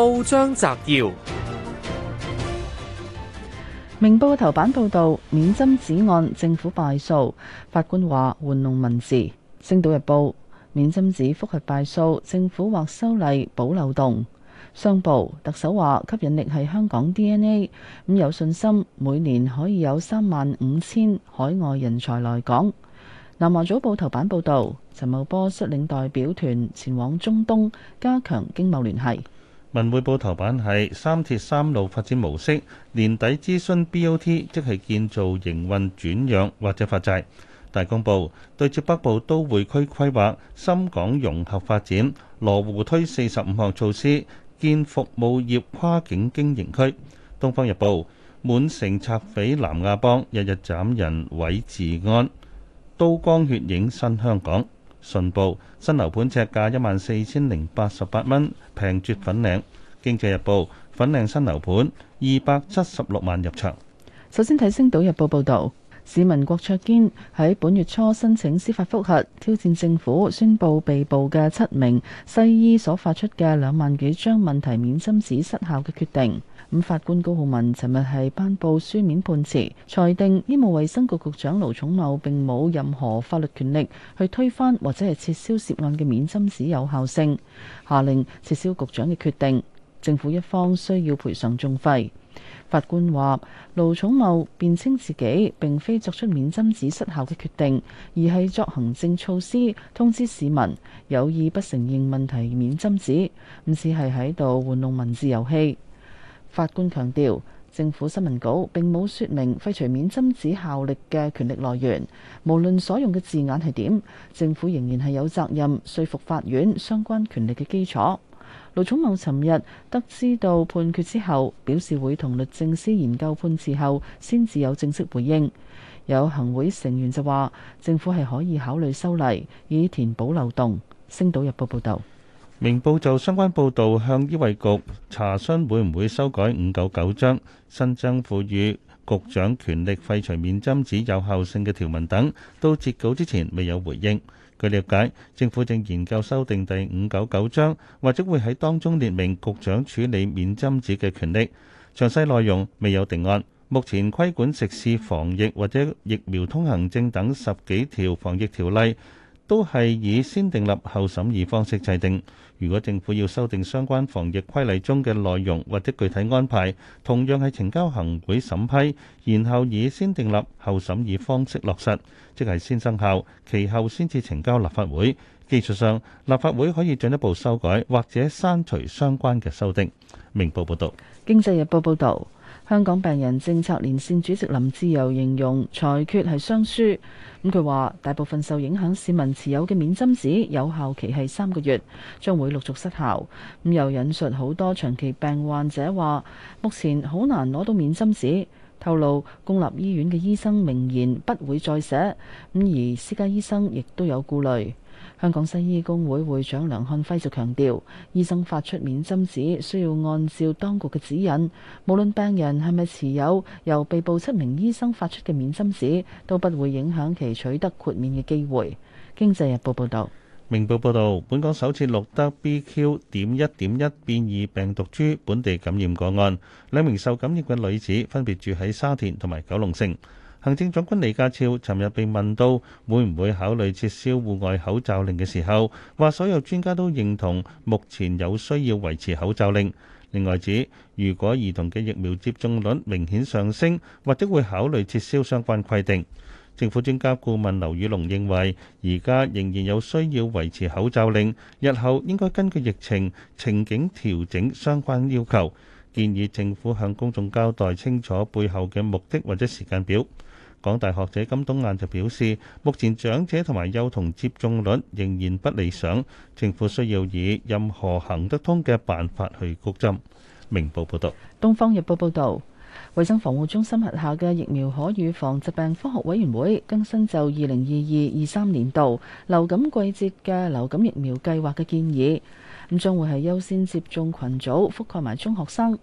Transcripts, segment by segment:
報章摘要：明報頭版報道，免針紙案政府敗訴，法官話玩弄文字。星島日報，免針紙覆核敗訴，政府或修例補漏洞。商報，特首話吸引力係香港 DNA，咁有信心每年可以有三萬五千海外人才來港。南華早報頭版報道，陳茂波率領代表團前往中東加強經貿聯繫。文匯報頭版係三鐵三路發展模式，年底諮詢 BOT，即係建造營運轉讓或者發債。大公報對接北部都會區規劃，深港融合發展。羅湖推四十五項措施，建服務業跨境經營區。東方日報，滿城拆匪，南亞幫日日斬人毀治安，刀光血影新香港。信報新樓盤呎價一萬四千零八十八蚊，平絕粉嶺。經濟日報粉嶺新樓盤二百七十六萬入場。首先睇星島日報報導，市民郭卓堅喺本月初申請司法覆核，挑戰政府宣布被捕嘅七名西醫所發出嘅兩萬幾張問題免針紙失效嘅決定。咁法官高浩文尋日係頒布書面判詞裁定醫務衛生局局長盧寵茂，並冇任何法律權力去推翻或者係撤銷涉案嘅免針紙有效性，下令撤銷局長嘅決定。政府一方需要賠償訟費。法官話盧寵茂辯稱自己並非作出免針紙失效嘅決定，而係作行政措施通知市民有意不承認問題免針紙，唔似係喺度玩弄文字遊戲。法官強調，政府新聞稿並冇説明廢除免針紙效力嘅權力來源，無論所用嘅字眼係點，政府仍然係有責任說服法院相關權力嘅基礎。盧寵茂尋日得知到判決之後，表示會同律政司研究判詞後，先至有正式回應。有行會成員就話，政府係可以考慮修例以填補漏洞。星島日報報道。明報就相關報導向醫衞局查詢會唔會修改五九九章，新增賦予局長權力廢除免針紙有效性嘅條文等，到截稿之前未有回應。據了解，政府正研究修訂第五九九章，或者會喺當中列明局長處理免針紙嘅權力，詳細內容未有定案。目前規管食肆防疫或者疫苗通行證等十幾條防疫條例，都係以先訂立後審議方式制定。如果政府要修訂相關防疫規例中嘅內容或者具體安排，同樣係呈交行會審批，然後以先訂立後審議方式落實，即係先生效，其後先至呈交立法會。技術上，立法會可以進一步修改或者刪除相關嘅修訂。明報報導，《經濟日報》報導。香港病人政策連線主席林志柔形容裁決係雙輸，咁佢話大部分受影響市民持有嘅免針紙有效期係三個月，將會陸續失效。咁又引述好多長期病患者話目前好難攞到免針紙，透露公立醫院嘅醫生明言不會再寫，咁而私家醫生亦都有顧慮。香港西醫工會會長梁漢輝就強調，醫生發出免針紙需要按照當局嘅指引，無論病人係咪持有由被捕七名醫生發出嘅免針紙都不會影響其取得豁免嘅機會。經濟日報報道：「明報報道，本港首次錄得 BQ. 點一點一變異病毒株本地感染個案，兩名受感染嘅女子分別住喺沙田同埋九龍城。行政長官李家超尋日被問到會唔會考慮撤銷戶外口罩令嘅時候，話所有專家都認同目前有需要維持口罩令。另外指，如果兒童嘅疫苗接種率明顯上升，或者會考慮撤銷相關規定。政府專家顧問劉宇隆認為，而家仍然有需要維持口罩令，日後應該根據疫情情景調整相關要求，建議政府向公眾交代清楚背後嘅目的或者時間表。港大學者金冬雁就表示，目前長者同埋幼童接種率仍然不理想，政府需要以任何行得通嘅辦法去谷針。明報報道。東方日報報導，衞生防護中心轄下嘅疫苗可預防疾病科學委員會更新就二零二二、二三年度流感季節嘅流感疫苗計劃嘅建議，咁將會係優先接種群組，覆蓋埋中學生。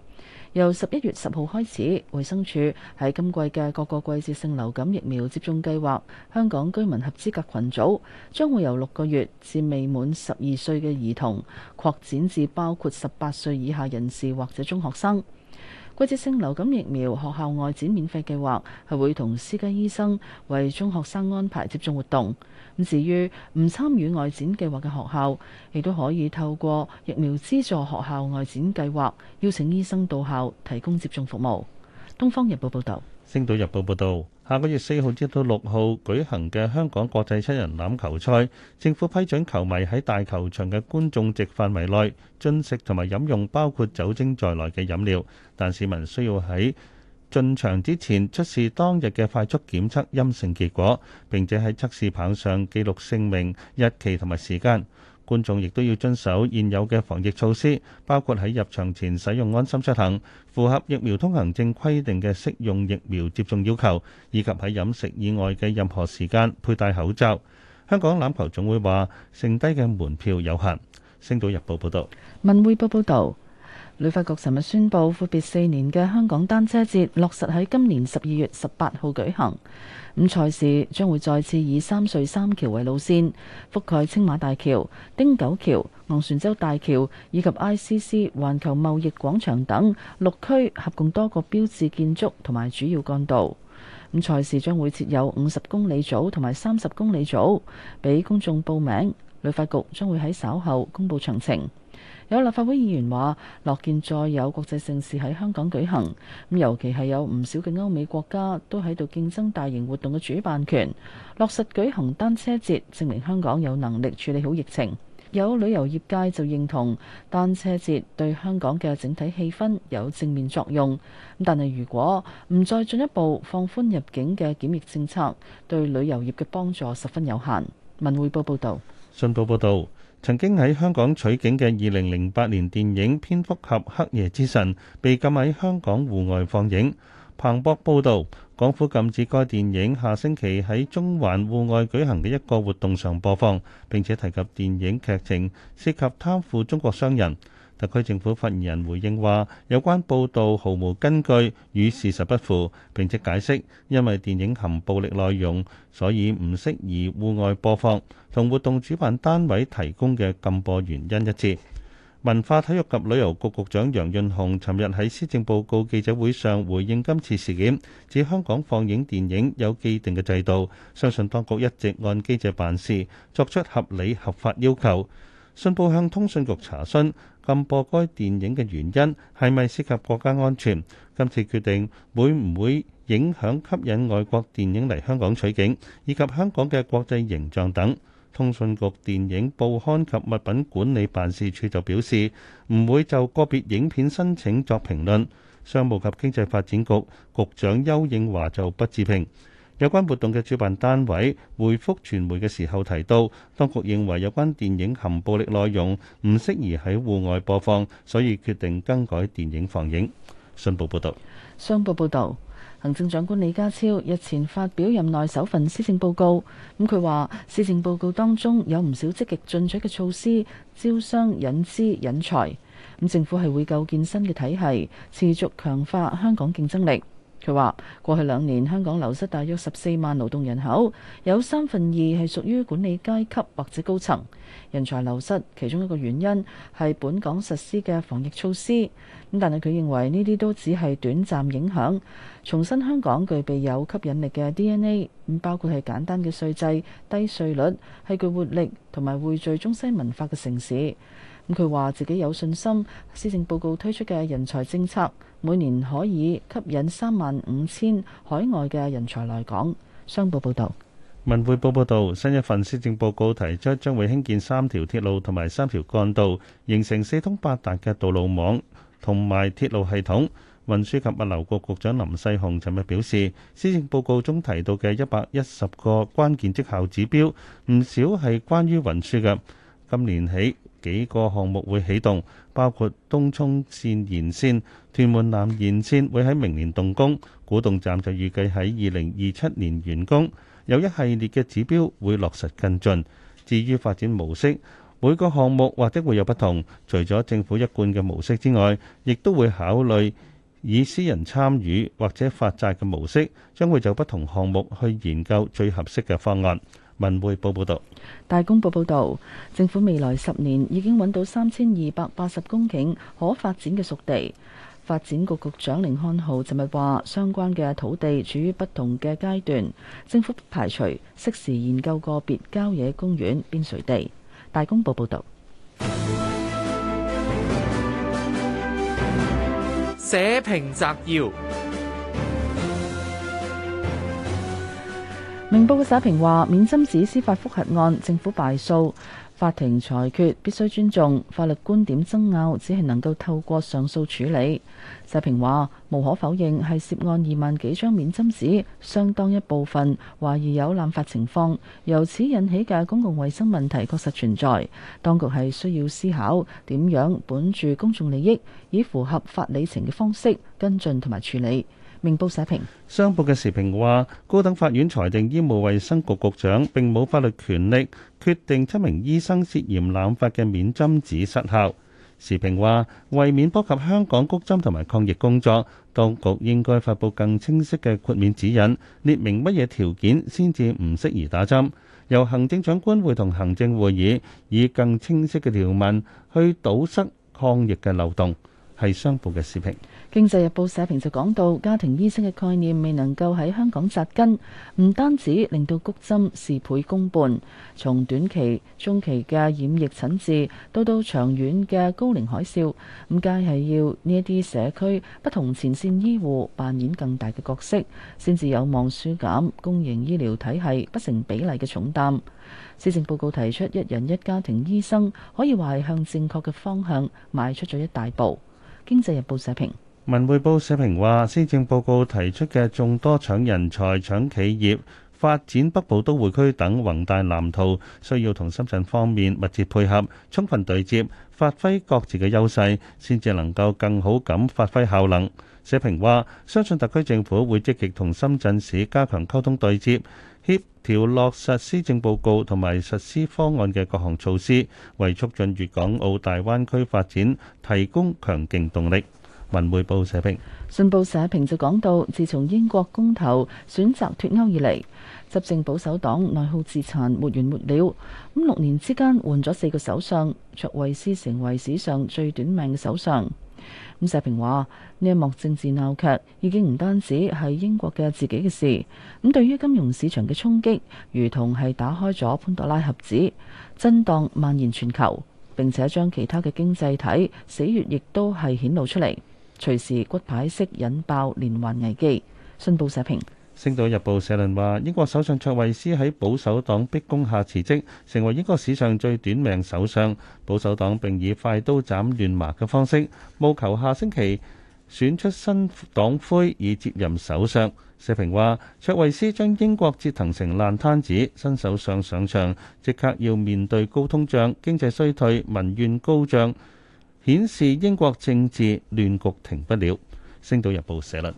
由十一月十號開始，衛生署喺今季嘅各個季節性流感疫苗接種計劃，香港居民合資格群組將會由六個月至未滿十二歲嘅兒童擴展至包括十八歲以下人士或者中學生。季節性流感疫苗學校外展免費計劃係會同私家醫生為中學生安排接種活動。咁至於唔參與外展計劃嘅學校，亦都可以透過疫苗資助學校外展計劃邀請醫生到校提供接種服務。《東方日報》報道。《星島日報》報道。下個月四號至到六號舉行嘅香港國際七人欖球賽，政府批准球迷喺大球場嘅觀眾席範圍內，進食同埋飲用包括酒精在內嘅飲料，但市民需要喺進場之前出示當日嘅快速檢測陰性結果，並且喺測試棒上記錄姓名、日期同埋時間。觀眾亦都要遵守現有嘅防疫措施，包括喺入場前使用安心出行、符合疫苗通行證規定嘅適用疫苗接種要求，以及喺飲食以外嘅任何時間佩戴口罩。香港籃球總會話，剩低嘅門票有限。星島日報報道。文匯報報道。旅發局尋日宣布，闊別四年嘅香港單車節落實喺今年十二月十八號舉行。咁賽事將會再次以三隧三橋為路線，覆蓋青馬大橋、汀九橋、昂船洲大橋以及 ICC 環球貿易廣場等六區，合共多個標誌建築同埋主要幹道。咁賽事將會設有五十公里組同埋三十公里組，俾公眾報名。旅發局將會喺稍後公布詳情。有立法會議員話：樂見再有國際盛事喺香港舉行，咁尤其係有唔少嘅歐美國家都喺度競爭大型活動嘅主辦權。落實舉行單車節，證明香港有能力處理好疫情。有旅遊業界就認同單車節對香港嘅整體氣氛有正面作用。但係如果唔再進一步放寬入境嘅檢疫政策，對旅遊業嘅幫助十分有限。文匯報報道。信報報導。曾經喺香港取景嘅二零零八年電影《蝙蝠俠：黑夜之神》被禁喺香港戶外放映。彭博報道，港府禁止該電影下星期喺中環戶外舉行嘅一個活動上播放，並且提及電影劇情涉及貪腐中國商人。特區政府發言人回應話：有關報道毫無根據，與事實不符，並且解釋，因為電影含暴力內容，所以唔適宜戶外播放，同活動主辦單位提供嘅禁播原因一致。文化體育及旅遊局局長楊潤雄尋日喺施政報告記者會上回應今次事件，指香港放映電影有既定嘅制度，相信當局一直按機制辦事，作出合理合法要求。信報向通訊局查詢。禁播該電影嘅原因係咪涉及國家安全？今次決定會唔會影響吸引外國電影嚟香港取景，以及香港嘅國際形象等？通訊局電影報刊及物品管理辦事處就表示唔會就個別影片申請作評論。商務及經濟發展局局長邱應華就不置評。有關活動嘅主辦單位回覆傳媒嘅時候提到，當局認為有關電影含暴力內容，唔適宜喺戶外播放，所以決定更改電影放映。信報報導，商報報導，行政長官李家超日前發表任內首份施政報告，咁佢話施政報告當中有唔少積極進取嘅措施，招商引資引才，咁政府係會構建新嘅體系，持續強化香港競爭力。佢話：過去兩年香港流失大約十四萬勞動人口，有三分二係屬於管理階級或者高層。人才流失其中一個原因係本港實施嘅防疫措施。咁但係佢認為呢啲都只係短暫影響，重申香港具備有吸引力嘅 DNA，咁包括係簡單嘅稅制、低稅率、係具活力同埋匯聚中西文化嘅城市。咁佢話自己有信心，施政報告推出嘅人才政策每年可以吸引三萬五千海外嘅人才來港。商報報道，文匯報報道，新一份施政報告提出將會興建三條鐵路同埋三條幹道，形成四通八達嘅道路網同埋鐵路系統。運輸及物流局局長林世雄尋日表示，施政報告中提到嘅一百一十個關鍵績效指標，唔少係關於運輸嘅。今年起，幾個項目會啟動，包括東涌線延線、屯門南延線，會喺明年動工；古洞站就預計喺二零二七年完工。有一系列嘅指標會落實跟進。至於發展模式，每個項目或者會有不同。除咗政府一貫嘅模式之外，亦都會考慮以私人參與或者發債嘅模式，將會就不同項目去研究最合適嘅方案。文匯報報道，大公報報道，政府未來十年已經揾到三千二百八十公頃可發展嘅熟地。發展局局長甯漢豪尋日話，相關嘅土地處於不同嘅階段，政府不排除適時研究個別郊野公園邊陲地。大公報報道，社評摘要。明報嘅社評話：免針紙司法覆核案，政府敗訴，法庭裁決必須尊重，法律觀點爭拗只係能夠透過上訴處理。社評話：無可否認係涉案二萬幾張免針紙相當一部分，懷疑有濫發情況，由此引起嘅公共衞生問題確實存在，當局係需要思考點樣本住公眾利益，以符合法理情嘅方式跟進同埋處理。明報社評，商報嘅時評話：高等法院裁定醫務衛生局局長並冇法律權力決定七名醫生涉嫌濫發嘅免針紙失效。時評話：為免波及香港谷針同埋抗疫工作，當局應該發布更清晰嘅豁免指引，列明乜嘢條件先至唔適宜打針。由行政長官會同行政會議以更清晰嘅條文去堵塞抗疫嘅漏洞。係商報嘅視頻，《經濟日報》社評就講到，家庭醫生嘅概念未能夠喺香港扎根，唔單止令到谷針事倍功半，從短期、中期嘅染疫診治，到到長遠嘅高齡海嘯，咁皆係要呢一啲社區不同前線醫護扮演更大嘅角色，先至有望紓減公營醫療體系不成比例嘅重擔。施政報告提出一人一家庭醫生，可以話係向正確嘅方向邁出咗一大步。《經濟日報》社評，《文匯報》社評話，施政報告提出嘅眾多搶人才、搶企業、發展北部都會區等宏大藍圖，需要同深圳方面密切配合、充分對接，發揮各自嘅優勢，先至能夠更好咁發揮效能。社評話，相信特區政府會積極同深圳市加強溝通對接，協調落實施政報告同埋實施方案嘅各項措施，為促進粵港澳大灣區發展提供強勁動力。文匯報社評，信報社評就講到，自從英國公投選擇脫歐以嚟，執政保守黨內耗自殘，沒完沒了，五六年之間換咗四個首相，卓慧斯成為史上最短命嘅首相。咁社評話呢一幕政治鬧劇已經唔單止係英國嘅自己嘅事，咁對於金融市場嘅衝擊，如同係打開咗潘多拉盒子，震盪蔓延全球，並且將其他嘅經濟體死穴亦都係顯露出嚟，隨時骨牌式引爆連環危機。信報社評。《星島日報》社論話：英國首相卓慧斯喺保守黨逼宮下辭職，成為英國史上最短命首相。保守黨並以快刀斬亂麻嘅方式，務求下星期選出新黨魁以接任首相。社評話：卓慧斯將英國折騰成爛攤子，新首相上場即刻要面對高通脹、經濟衰退、民怨高漲，顯示英國政治亂局停不了。《星島日報》社論。